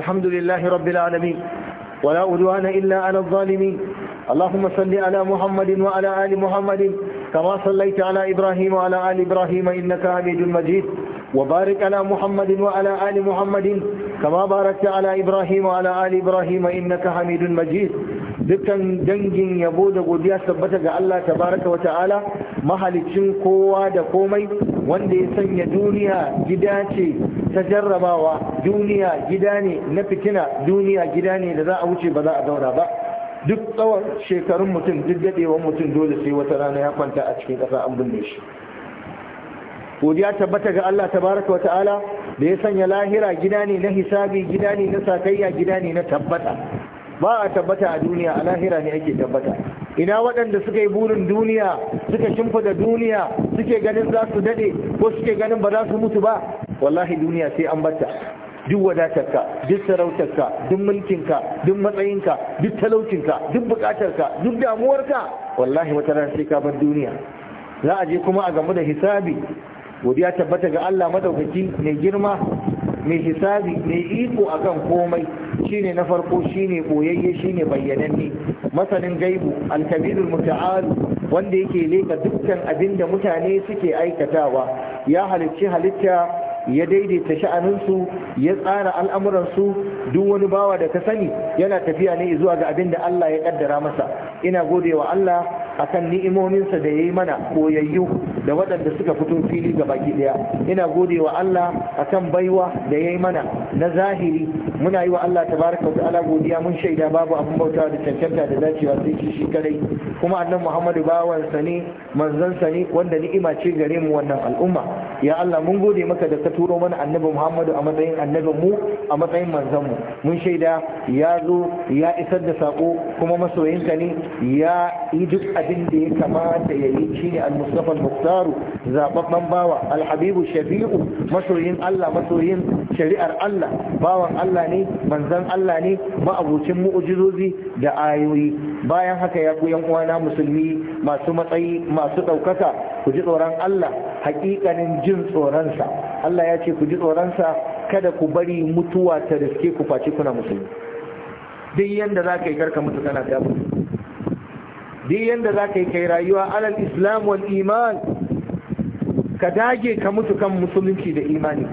الحمد لله رب العالمين ولا أدوان إلا على الظالمين اللهم صل على محمد وعلى آل محمد كما صليت على إبراهيم وعلى آل إبراهيم إنك حميد مجيد وبارك على محمد وعلى آل محمد كما باركت على إبراهيم وعلى آل إبراهيم إنك حميد مجيد dukkan dangin yabo da godiya tabbata ga Allah tabaraka wa ta'ala mahalicin kowa da komai wanda ya sanya duniya gida ce ta jarrabawa duniya gida ne na fitina duniya gida ne da za a wuce ba za a zauna ba duk tsawon shekarun mutum duk dadewan mutum dole sai wata rana ya kwanta a cikin ƙasa an binne shi godiya tabbata ga Allah tabaraka wa ta'ala da ya sanya lahira gida ne na hisabi gida ne na sakayya gida ne na tabbata ba a tabbata a duniya a lahira ne ake tabbata ina waɗanda suka yi burin duniya suka shimfida duniya suke ganin za su daɗe ko suke ganin ba za su mutu ba wallahi duniya sai an bata duk wadatarka duk sarautarka duk mulkinka duk matsayinka duk talaucinka duk bukatarka duk damuwarka wallahi wata ran sai ka bar duniya za a je kuma a gamu da hisabi godiya tabbata ga Allah madaukaki mai girma mai hisabi mai iko akan komai shine na farko shine boyayye shine bayyananne masanin gaibu alkabirul muta'al wanda yake leka dukkan abinda mutane suke aikatawa ya halicci halitta ya daidaita sha'aninsu ya tsara al'amuransu duk wani bawa da ka sani yana tafiya ne zuwa ga abin da Allah ya kaddara masa ina godewa Allah akan ni'imominsa da ya yi mana koyayyu da waɗanda suka fito fili ga baki ɗaya ina godewa Allah akan baiwa da yayi mana na zahiri muna yi wa Allah tabaraka wa ta'ala godiya mun shaida babu abin bauta da cancanta da dacewa sai shi shi kadai kuma annabi Muhammadu bawansa ne sa ne wanda ni'ima ce gare mu wannan al'umma ya Allah mun gode maka da ka turo mana annabi Muhammadu a matsayin annabin mu a matsayin manzon mu mun shaida ya zo ya isar da sako kuma masoyinka ne ya yi duk abin da ya kamata ya yi shine al-Mustafa al-Muqtaru zababban bawa al-Habibu Shafi'u masoyin Allah masoyin shari'ar Allah bawan Allah ne manzan Allah ne ma'abucin mu'ujizozi da ayoyi bayan haka ya ku uwana musulmi masu matsayi masu ɗaukaka ku ji tsoron Allah hakikanin jin tsoronsa Allah ya ce ku ji tsoronsa kada ku bari mutuwa ta riske ku face kuna musulmi duk yanda za ka yi karka mutu kana kafin duk yanda za ka yi kai rayuwa alal islam wal iman ka dage ka mutu kan musulunci da imani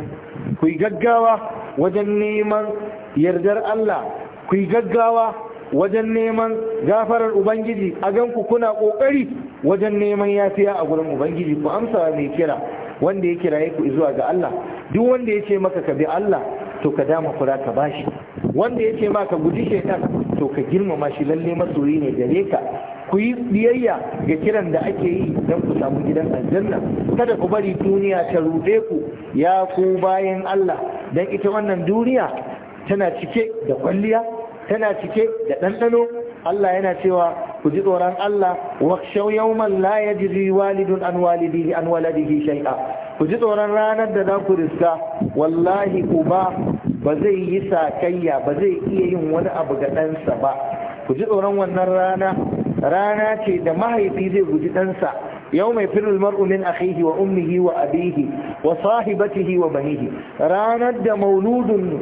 ku yi gaggawa wajen neman yardar Allah ku yi gaggawa wajen neman gafarar ubangiji a ganku kuna ƙoƙari wajen neman yafiya a gurin ubangiji ku amsa mai kira wanda ya kiraye ku zuwa ga Allah duk wanda ya ce maka ka bi Allah to ka dama kura ka bashi wanda ya ce maka guji shaitan to ka girmama shi lalle masoyi ne gare ka ku yi biyayya ga kiran da ake yi don ku samu gidan aljanna kada ku bari duniya ta ruɗe ku ya ku bayan Allah don ita wannan duniya tana cike da kwalliya tana cike da ɗanɗano Allah yana cewa ku ji tsoron Allah shau yawman la yajri walidun an walidihi an waladihi shay'a ku ji tsoron ranar da za ku riska wallahi uba ba zai yi sakayya ba zai iya yin wani abu ga ɗansa ba ku ji tsoron wannan rana rana ce da mahaifi zai guji ɗansa yau mai firul marumin min akhihi wa ummihi wa abihi wa sahibatihi wa banihi ranar da mauludun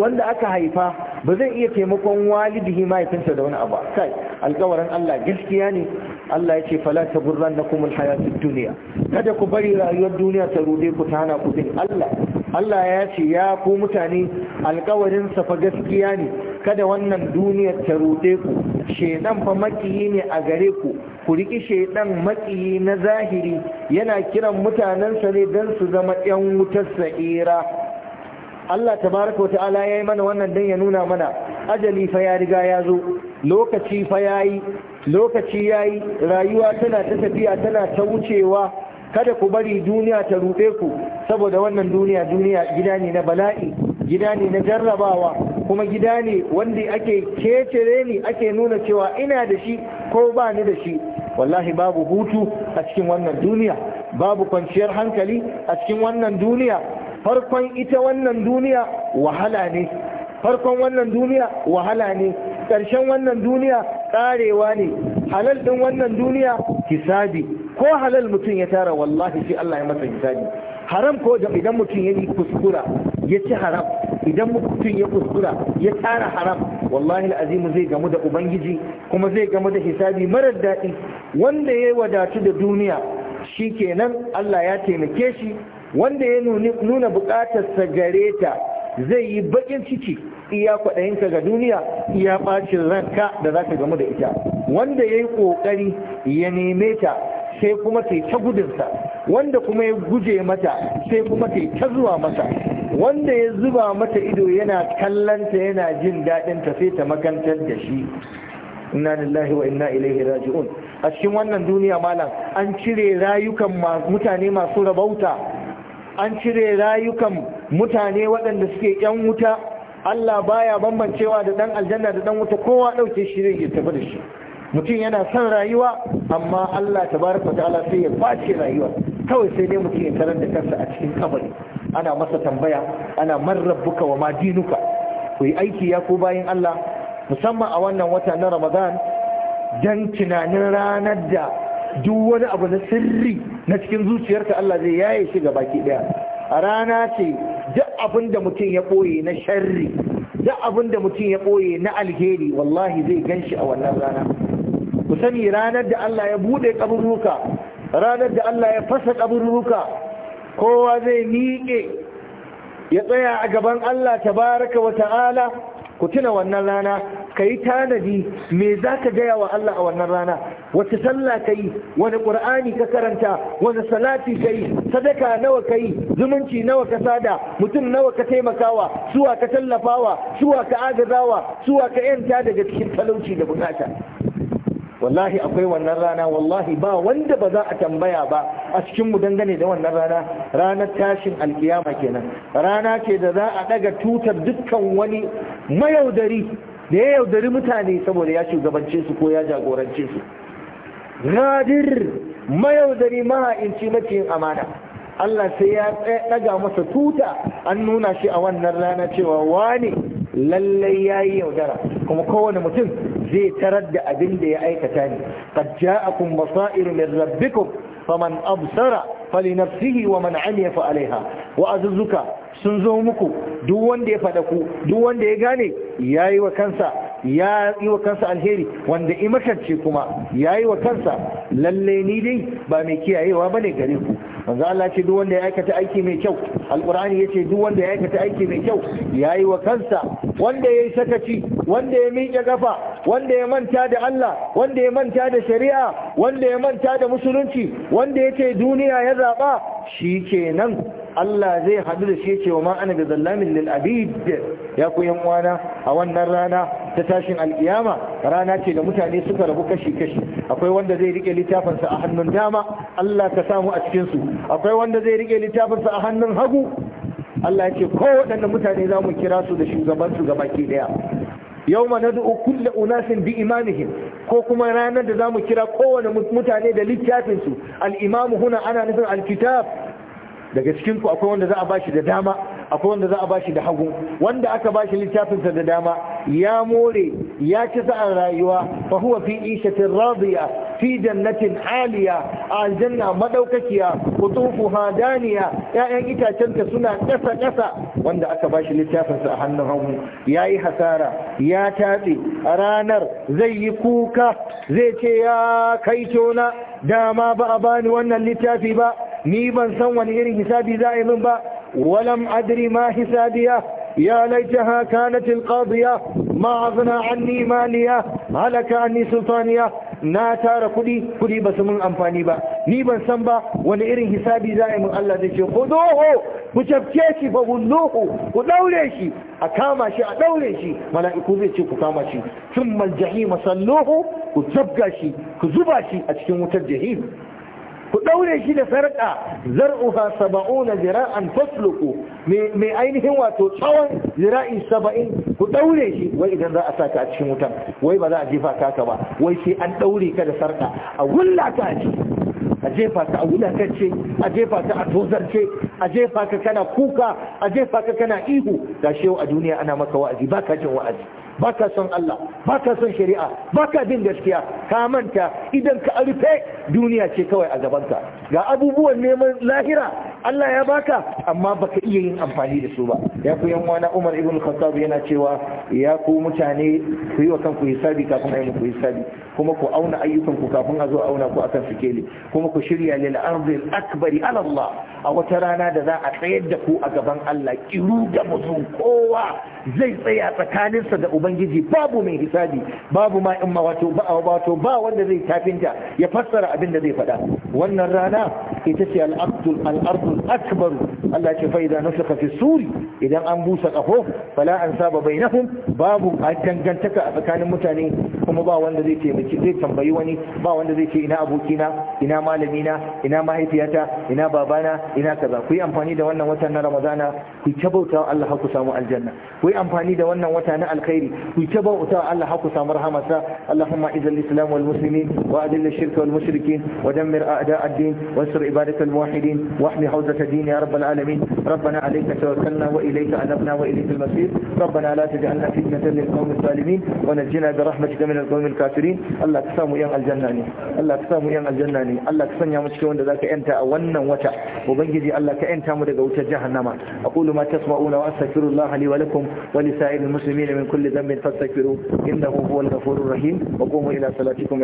wanda aka haifa ba zai iya taimakon walidihi mahaifinsa da wani abu kai alkawarin Allah gaskiya ne Allah ya ce fala kuma alhayatud duniya kada ku bari rayuwar duniya ta rude ku tana ku bin Allah Allah ya ce ya ku mutane alkawarin sa fa gaskiya ne kada wannan duniyar ta rude ku shaidan fa makiyi ne a gare ku ku riki shaidan makiyi na zahiri yana kiran mutanensa ne don su zama 'yan wutar sa'ira Allah tabaraka wa ta'ala ya mana wannan dan ya nuna mana ajali fa ya riga ya zo lokaci fa ya lokaci yayi rayuwa tana ta tafiya tana ta wucewa kada ku bari duniya ta ruɗe ku saboda wannan duniya duniya gida ne na bala'i gida ne na jarrabawa kuma gida ne wanda ake kecere ni ake nuna cewa ina da shi ko ba ni da shi wallahi babu hutu a cikin wannan duniya babu kwanciyar hankali a cikin wannan duniya farkon ita wannan duniya wahala ne farkon wannan duniya wahala ne ƙarshen wannan duniya ƙarewa ne halal ɗin wannan duniya hisabi ko halal mutum ya tara wallahi sai Allah ya masa hisabi haram ko idan mutum ya yi kuskura ya ci haram idan mutum ya kuskura ya tara haram wallahi azimu zai gamu da ubangiji kuma zai gamu da hisabi marar daɗi wanda ya wadatu da duniya shi kenan Allah ya taimake shi wanda ya nuna bukatarsa gare ta zai yi bakin ciki iya kwaɗayinka ga duniya iya ɓacin ranka da za ka gamu da ita wanda ya yi ƙoƙari ya neme ta sai kuma sai ta gudunsa wanda kuma ya guje mata sai kuma kai ta zuwa mata wanda ya zuba mata ido yana kallanta yana jin daɗinta sai ta makantar da shi inna lillahi wa inna ilaihi raji'un a cikin wannan duniya malam an cire rayukan mutane masu rabauta an cire rayukan mutane waɗanda suke yan wuta Allah baya bambancewa da dan aljanna da dan wuta kowa ɗauke shi zai tafi da shi mutum yana son rayuwa amma Allah tabaraka ta'ala sai ya face rayuwar kawai sai dai mutum ya tarar da kansa a cikin kabari ana masa tambaya ana marrabbuka wa madinuka ku yi aiki ya ku bayan Allah musamman a wannan wata na Ramadan dan tunanin ranar da duk wani abu na sirri na cikin zuciyarka Allah zai yaye shi ga baki daya a rana ce duk abin da mutum ya ɓoye na sharri duk abin da mutum ya ɓoye na alheri wallahi zai gan shi a wannan rana ku sani ranar da Allah ya buɗe kaburuka ranar da Allah ya fasa kaburruka kowa zai miƙe ya tsaya a gaban Allah tabaraka wa ta'ala ku tuna wannan rana ka yi tanadi me za ka gaya wa Allah a wannan rana wace sallah ka yi wani ƙur'ani ka karanta wani salati ka yi sadaka nawa ka yi zumunci nawa ka sada mutum nawa ka taimakawa suwa ka tallafawa suwa ka agazawa suwa ka yanta daga cikin talauci da bukata wallahi akwai wannan rana wallahi ba wanda ba za a tambaya ba a cikin mu dangane da wannan rana ranar tashin alkiyama kenan rana ce da za a daga tutar dukkan wani mayaudari da ya yaudari mutane saboda ya shugabance su ko ya jagorance su gadir mayaudari maha'inci mafiyin amana Allah sai ya daga masa tuta an nuna shi a wannan rana cewa wane lallai ya yi yaudara kuma kowane mutum zai tarar da abin da ya aikata ne qad ja'akum basairu min rabbikum faman absara falinafsihi wa man amiya fa alaiha wa azuzzuka sun zo muku duk wanda ya fada ku duk wanda ya gane yayi wa kansa ya yi wa kansa alheri wanda imakance kuma ya yi wa kansa lalle ni dai ba mai kiyayewa ba ne gare ku manzo Allah ce duk wanda ya aikata aiki mai kyau alqur'ani yace duk wanda ya aikata aiki mai kyau ya yi wa kansa wanda ya yi sakaci wanda ya miƙe gafa wanda ya manta da Allah wanda ya manta da shari'a wanda ya manta da musulunci wanda ya ce duniya ya zaɓa shi kenan Allah zai haɗu da shi cewa ma ana bi zallamin lil abid ya ku yan uwana a wannan rana ta tashin alkiyama rana ce da mutane suka rabu kashi kashi akwai wanda zai rike littafinsa a hannun dama Allah ka samu a cikin akwai wanda zai rike littafinsa a hannun hagu Allah ya ce ko mutane za mu kira su da shugaban su baki daya yau ma na du'u unasin bi imamihim ko kuma ranar da zamu kira kowane mutane da littafinsu al'imamu huna ana nufin alkitab daga cikinku akwai wanda za a bashi da dama akwai wanda za a bashi da hagu wanda aka bashi littafinsa da dama ya more ya ci sa'an rayuwa fa huwa fi ishatin radiya fi jannatin aliya a aljanna madaukakiya qutufuha daniya ya'yan itacenta suna ƙasa ƙasa wanda aka bashi littafinsa a hannun hagu yayi hasara ya tatse a ranar zai yi kuka zai ce ya kaito na dama ba a bani wannan littafi ba ni ban san wani irin hisabi za a yi min ba walam adri ma hisabiya يا ليتها كانت القاضية ما أغنى عني مالية هلك عني سلطانية na tara kuɗi kuɗi ba su mun amfani ba ni ban san ba wani irin hisabi za a Allah zai ce ku doho ku cafke shi fa wulluhu ku daure shi a kama shi a daure shi zai ce ku kama shi ku jabga shi ku zuba shi a cikin wutar jahim ku daure shi da sarƙa zar'uha saba'una zira'an fasluku mai ainihin wato tsawon zira'i saba'in ku daure shi wai idan za a sa ka a cikin wutan wai ba za a jefa ka ka ba wai sai an daure ka da sarƙa a wulla ka a a jefa ka a wulakacce a jefa ka a tozarce a jefa ka kana kuka a jefa ka kana ihu da shewa a duniya ana maka wa'azi ba ka jin wa'azi baka son Allah baka son shari'a baka bin gaskiya ka manta idan ka rufe duniya ce kawai a gabanka ga abubuwan neman lahira Allah ya baka amma baka iya yin amfani da su ba ya ku yan wani Umar ibn Khattab yana cewa ya ku mutane ku yi wa kanku hisabi kafin ayi muku hisabi kuma ku auna ayyukan ku kafin a zo auna ku akan sikeli kuma ku shirya lil ardi al akbari ala Allah a wata rana da za a tsayar da ku a gaban Allah kiru da mutum kowa zai tsaya tsakaninsa da ubangiji babu mai hisabi babu ma in wato ba wato ba wanda zai tafinta ya fassara abin da zai faɗa wannan rana ita ce al-ardul akbar Allah ce fa idan nusaka fi suri idan an busa kafo fala an saba bainahum babu a dangantaka a tsakanin mutane kuma ba wanda zai taimaki zai tambayi wani ba wanda zai ce ina abokina ina malamina ina mahaifiyata ina babana ina kaza ku yi amfani da wannan watan na Ramadana ku ta bauta Allah ku samu aljanna ku yi amfani da wannan wata na alkhairi ku ta bauta Allah ku samu rahamarsa Allahumma izil islam wal muslimin wa adil ash-shirka wal mushrikin wa dammir a'da ad-din wa ansur muwahhidin wa ahmi hawzat ad-din ya rabbal alamin العالمين ربنا عليك توكلنا وإليك أنبنا وإليك المصير ربنا لا تجعلنا فتنة للقوم الظالمين ونجنا برحمتك من القوم الكافرين الله تسامو يان الجنة الله تسامو يان الجنة الله تسنيا mu cikin wanda zaka yanta a wannan wata ubangiji Allah ka yanta mu daga wutar jahannama aqulu ma tasma'una wa astaghfirullah li wa lakum wa li sa'iril muslimin min kulli dhanbin fastaghfiruhu innahu huwal rahim wa qumu ila salatikum